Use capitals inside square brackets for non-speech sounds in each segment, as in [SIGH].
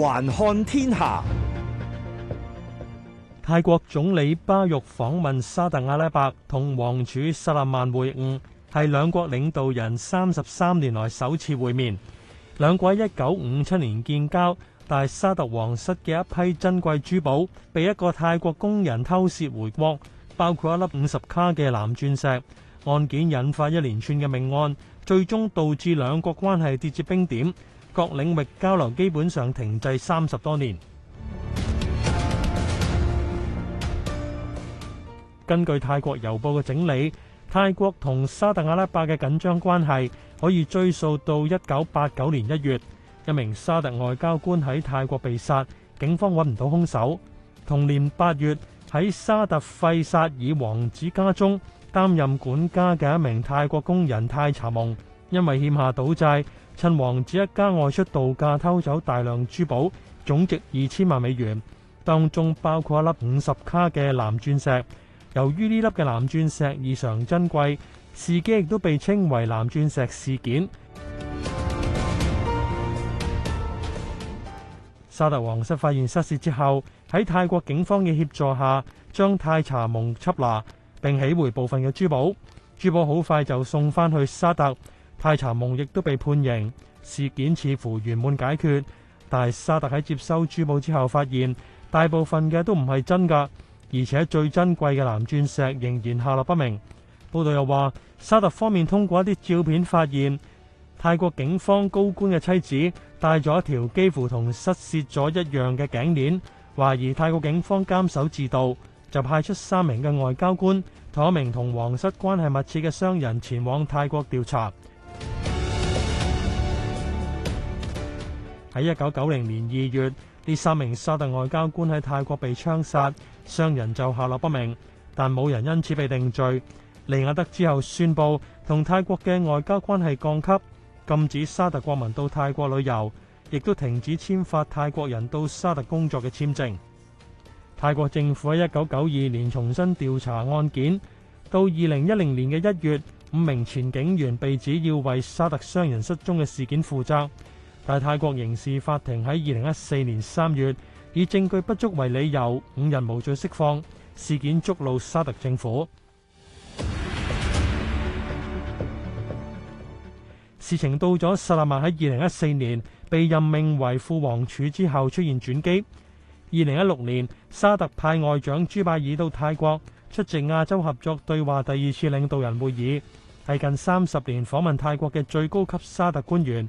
環看天下，泰國總理巴育訪問沙特阿拉伯同王儲薩勒曼會晤，係兩國領導人三十三年來首次會面。兩國喺一九五七年建交，但沙特皇室嘅一批珍貴珠寶被一個泰國工人偷竊回國，包括一粒五十卡嘅藍鑽石。案件引發一連串嘅命案，最終導致兩國關係跌至冰點。各領域交流基本上停滯三十多年。根據泰國郵報嘅整理，泰國同沙特阿拉伯嘅緊張關係可以追溯到一九八九年一月，一名沙特外交官喺泰國被殺，警方揾唔到兇手。同年八月，喺沙特費薩爾王子家中擔任管家嘅一名泰國工人泰查夢。因為欠下賭債，趁王子一家外出度假，偷走大量珠寶，總值二千萬美元，當中包括一粒五十卡嘅藍鑽石。由於呢粒嘅藍鑽石異常珍貴，事件亦都被稱為藍鑽石事件。 [MUSIC] 沙特皇室發現失竊之後，喺泰國警方嘅協助下，將泰茶蒙緝拿並起回部分嘅珠寶。珠寶好快就送返去沙特。泰查蒙亦都被判刑，事件似乎圓滿解決，但係沙特喺接收珠寶之後發現大部分嘅都唔係真㗎，而且最珍貴嘅藍鑽石仍然下落不明。報道又話沙特方面通過一啲照片發現泰國警方高官嘅妻子戴咗一條幾乎同失竊咗一樣嘅頸鏈，懷疑泰國警方監守自盜，就派出三名嘅外交官，同一名同皇室關係密切嘅商人前往泰國調查。喺一九九零年二月，呢三名沙特外交官喺泰國被槍殺，商人就下落不明，但冇人因此被定罪。利雅德之後宣布同泰國嘅外交關係降級，禁止沙特國民到泰國旅遊，亦都停止簽發泰國人到沙特工作嘅簽證。泰國政府喺一九九二年重新調查案件，到二零一零年嘅一月，五名前警員被指要為沙特商人失蹤嘅事件負責。但泰國刑事法庭喺二零一四年三月以證據不足為理由，五人無罪釋放。事件觸怒沙特政府。事情到咗薩勒曼喺二零一四年被任命為副王儲之後出現轉機。二零一六年，沙特派外長朱拜爾到泰國出席亞洲合作對話第二次領導人會議，係近三十年訪問泰國嘅最高級沙特官員。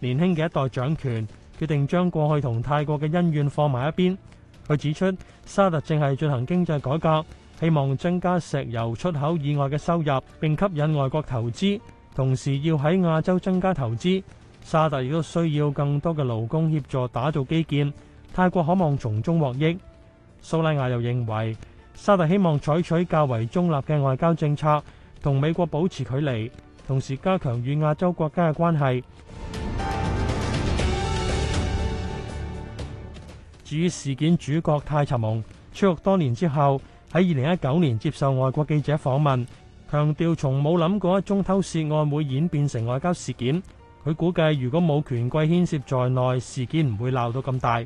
年輕嘅一代掌權，決定將過去同泰國嘅恩怨放埋一邊。佢指出，沙特正係進行經濟改革，希望增加石油出口以外嘅收入，並吸引外國投資，同時要喺亞洲增加投資。沙特亦都需要更多嘅勞工協助打造基建，泰國可望從中獲益。蘇拉亞又認為，沙特希望採取較為中立嘅外交政策，同美國保持距離，同時加強與亞洲國家嘅關係。至於事件主角泰查蒙，出獄多年之後，喺二零一九年接受外國記者訪問，強調從冇諗過一宗偷竊案會演變成外交事件。佢估計如果冇權貴牽涉在內，事件唔會鬧到咁大。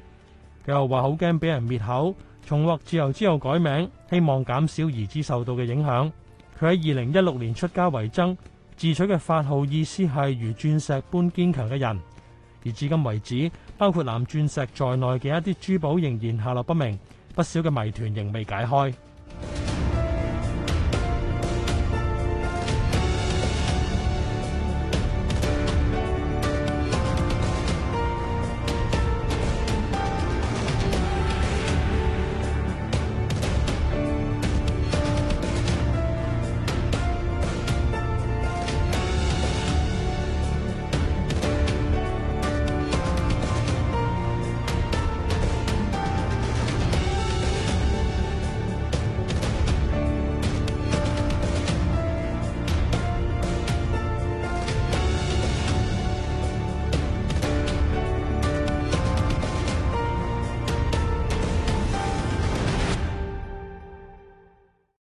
佢又話好驚俾人滅口，重獲自由之後改名，希望減少兒子受到嘅影響。佢喺二零一六年出家為僧，自取嘅法號意思係如鑽石般堅強嘅人。而至今為止，包括藍鑽石在內嘅一啲珠寶仍然下落不明，不少嘅謎團仍未解開。